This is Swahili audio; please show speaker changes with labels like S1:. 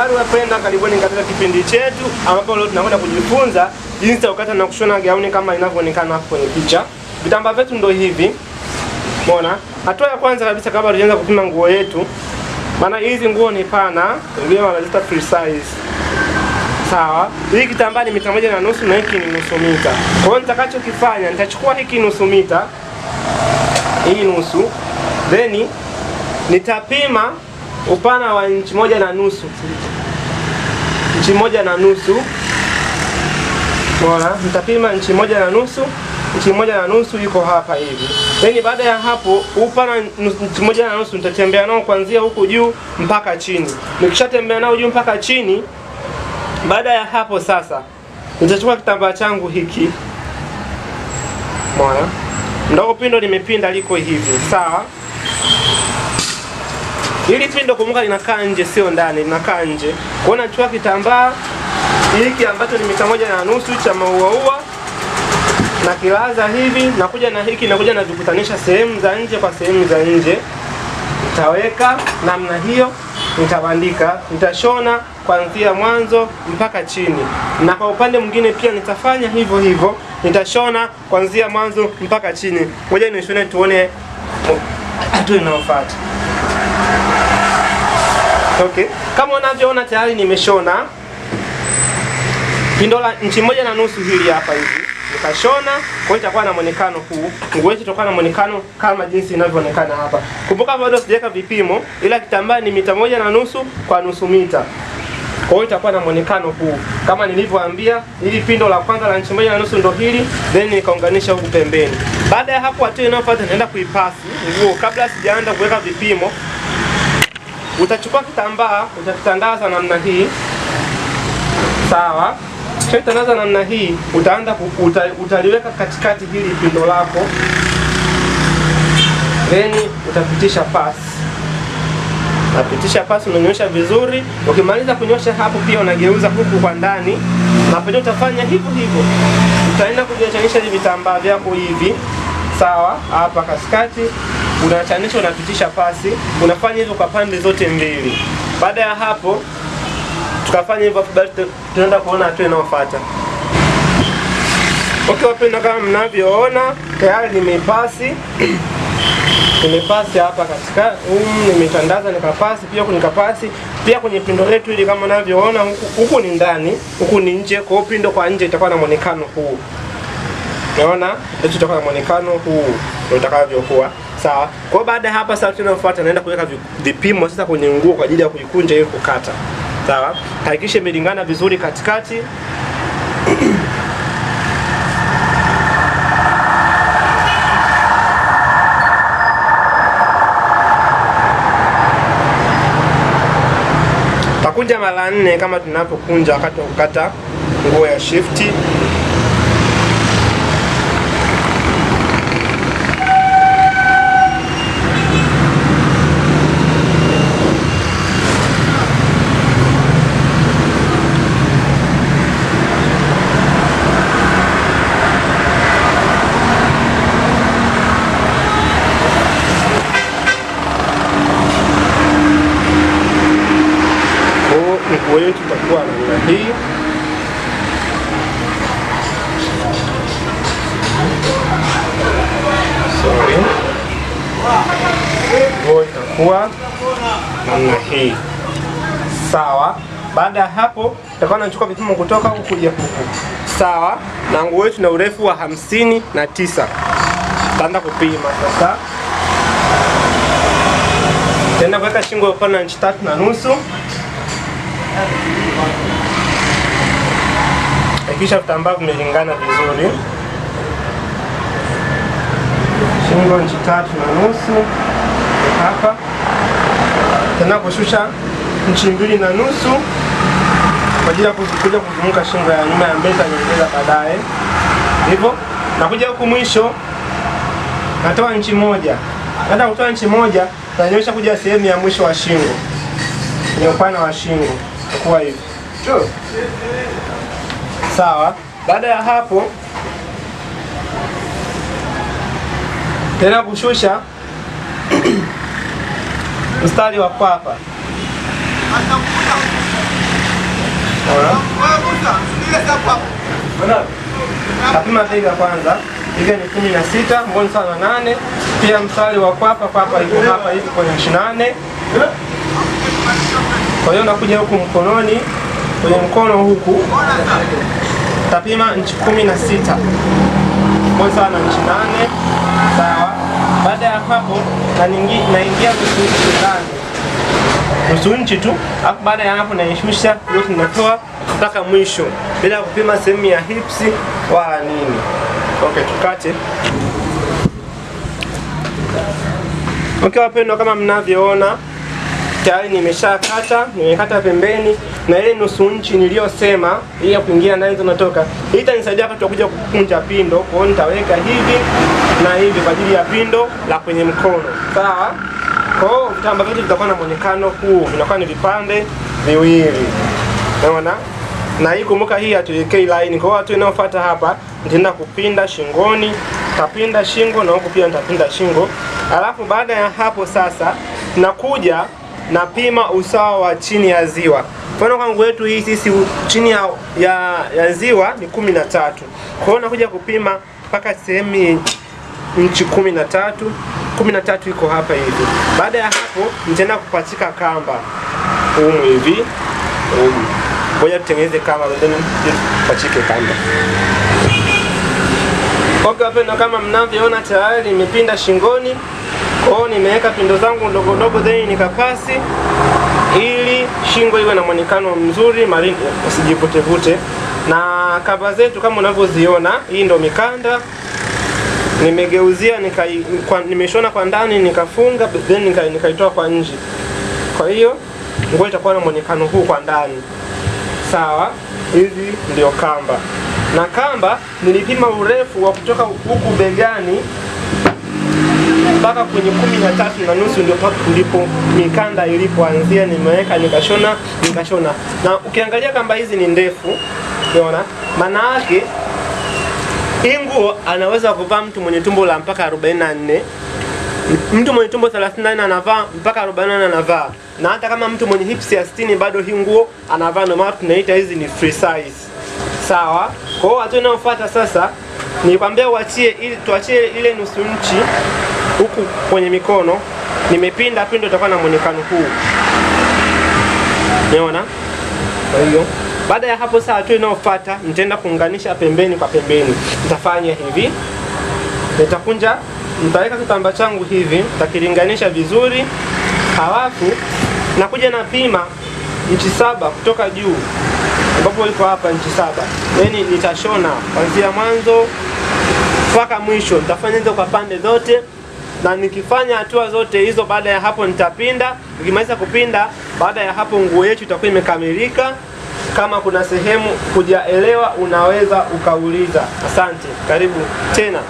S1: Habari wapenda, karibuni katika kipindi chetu ambapo leo tunakwenda kujifunza jinsi ya kukata na kushona gauni kama inavyoonekana hapo kwenye picha. Vitambaa vyetu ndio hivi, umeona. Hatua ya kwanza kabisa, kabla tujaanza kupima nguo yetu, maana hizi nguo ni pana, ndio wanaziita free size. Sawa, hii kitambaa ni mita moja na nusu na hiki ni nusu mita. Kwa hiyo nitakachokifanya, nitachukua hiki nusu mita, hii nusu, then nitapima upana wa inchi moja na nusu inchi moja na nusu Bora, nitapima inchi moja na nusu inchi moja na nusu iko hapa hivi. Yaani baada ya hapo upana inchi moja na nusu nitatembea nao kuanzia huku juu mpaka chini. Nikishatembea nao juu mpaka chini, baada ya hapo sasa nitachukua kitambaa changu hiki. Bora, mdogo pindo nimepinda liko hivi, sawa? Hili tu ndo kumbuka, linakaa nje, sio ndani, linakaa nje. Kwa hiyo nachukua kitambaa hiki ambacho ni mita moja na nusu cha maua ua na kilaza hivi, nakuja na hiki, nakuja navikutanisha sehemu za nje kwa sehemu za nje. Nitaweka namna hiyo, nitabandika, nitashona kuanzia mwanzo mpaka chini, na kwa upande mwingine pia nitafanya hivyo hivyo, nitashona kuanzia mwanzo mpaka chini. Ngoja nishone tuone hatua inayofuata. Okay. Kama unavyoona tayari nimeshona pindola inchi moja na nusu hili hapa hivi nikashona, kwa hiyo itakuwa na muonekano huu. Nguo yetu itakuwa na muonekano kama jinsi inavyoonekana hapa. Kumbuka bado sijaweka vipimo, ila kitambaa ni mita moja na nusu kwa nusu mita. Kwa hiyo itakuwa na muonekano huu kama nilivyoambia, ili pindo la kwanza la inchi moja na nusu ndo hili, then nikaunganisha huku pembeni. Baada ya hapo, hatua inayofuata naenda kuipasi nguo. Kabla sijaanza kuweka vipimo, Utachukua kitambaa utakitandaza namna hii, sawa. Ukishatandaza namna hii, utaanza uta, utaliweka katikati hili pindo lako, then utapitisha pasi, unapitisha pasi, unanyosha vizuri. Ukimaliza kunyosha hapo, pia unageuza huku kwa ndani, na pia utafanya hivyo hivyo, utaenda kuviachanisha hivi vitambaa vyako hivi, sawa, hapa katikati unaachanisha, unapitisha pasi, unafanya hivyo kwa pande zote mbili. Baada ya hapo tukafanya hivyo, tunaenda kuona hatua inayofuata. Okay wapenda, kama mnavyoona tayari nimepasi nimepasi hapa katika um, nimetandaza nikapasi pia huku nikapasi pia kwenye pindo letu ili kama unavyoona huku, ni ndani huku ni nje. Kwa hiyo pindo kwa nje itakuwa na mwonekano huu, naona letu itakuwa na mwonekano huu ndio utakavyokuwa. Sawa. Kwa baada ya hapa sasa tunafuata naenda kuweka vipimo sasa kwenye nguo kwa ajili ya kuikunja ili kukata. Sawa. Hakikisha imelingana vizuri katikati. Takunja mara nne kama tunapokunja wakati wa kukata nguo ya shifti. itakuwa namna hii sawa. Baada ya hapo tutakuwa tunachukua vipimo kutoka huku kuja huku sawa, na nguo yetu na urefu wa hamsini na tisa tutaanza kupima sasa. Tutaenda kuweka shingo ya upana inchi tatu na nusu kisha vitambaa vimelingana vizuri, shingo inchi tatu na nusu hapa tunaposhusha nchi mbili na nusu kwa ajili ya kuja kuzunguka shingo ya nyuma ya mbele, tutaongeza baadaye hivyo. Nakuja huku mwisho, natoa nchi moja. Baada ya kutoa nchi moja, tunanyosha kuja sehemu ya mwisho wa shingo, ni upana wa shingo kuwa hivi sawa. Baada ya hapo, tena kushusha mstari wa kwapa kapima bei ya kwanza hivyo ni kumi na sita mboni sawa na nane pia mstari wa kwapa kwapa iko hapa hivi kwenye ishirini na nane kwa hiyo nakuja huku mkononi kwenye mkono huku tapima nchi kumi na sita mboni sawa na nchi nane baada ya hapo naingia nusu nchi ndani, nusu nchi tu. Baada ya hapo naishusha yote, natoa mpaka mwisho bila kupima sehemu ya hips wala nini. Okay, tukate. Okay, wapendwa, kama mnavyoona tayari nimeshakata, nimekata pembeni, na ile nusu inchi niliyosema ile ya kuingia nayo zinatoka, hii itanisaidia wakati wa kuja kukunja pindo. Kwa hiyo nitaweka hivi na hivi kwa ajili ya pindo la kwenye mkono, sawa. Kwa hiyo vitambaa vyote vitakuwa na muonekano huu, vinakuwa ni vipande viwili, unaona na hii kumbuka, hii hatuiwekei line. Kwa hiyo hatua inayofuata hapa nitaenda kupinda shingoni, tapinda shingo na huku pia nitapinda shingo, alafu baada ya hapo sasa nakuja na pima usawa wa chini ya ziwa. Mfano kwangu wetu hii sisi chini ya, ya, ya ziwa ni kumi na tatu. Kwa hiyo nakuja kupima mpaka sehemu nchi kumi na tatu. Kumi na tatu iko hapa hivi. Baada ya hapo nitaenda kupachika kamba humu hivi humu. Ngoja tutengeneze kamba then tupachike kamba. okay, kama mnavyoona tayari imepinda shingoni kwao nimeweka pindo zangu ndogo ndogo, then nikakasi ili shingo iwe na mwonekano mzuri, malindi usijivutevute. Na kamba zetu kama unavyoziona, hii ndo mikanda nimegeuzia nimeshona kwa ndani nikafunga, then nikaitoa nika kwa nje. Kwa hiyo nguo itakuwa na mwonekano huu kwa ndani, sawa. Hizi ndio kamba, na kamba nilipima urefu wa kutoka huku begani mpaka kwenye kumi na tatu na nusu ndio pak kulipo mikanda ilipoanzia, nimeweka nikashona nikashona, na ukiangalia kamba hizi ni ndefu, unaona maana yake hii nguo anaweza kuvaa mtu mwenye tumbo la mpaka 44 mtu mwenye tumbo 38 anavaa mpaka 44 anavaa, na hata kama mtu mwenye hips ya 60 bado hii nguo anavaa, ndio maana tunaita hizi ni free size. Sawa. Kwa hiyo hatua inayofuata sasa ni nikwambia uachie ili tuachie ile nusu nchi huku kwenye mikono nimepinda pinda, itakuwa na muonekano huu, umeona? Kwa hiyo baada ya hapo, saa tu inayofuata nitaenda kuunganisha pembeni kwa pembeni. Nitafanya hivi, nitakunja, nitaweka kitambaa changu hivi, nitakilinganisha vizuri, halafu nakuja na pima inchi saba kutoka juu ambapo iko hapa inchi saba, yani, nitashona kuanzia mwanzo mpaka mwisho, nitafanya hizo kwa pande zote na nikifanya hatua zote hizo, baada ya hapo nitapinda. Nikimaliza kupinda, baada ya hapo nguo yetu itakuwa imekamilika. Kama kuna sehemu kujaelewa, unaweza ukauliza. Asante, karibu tena.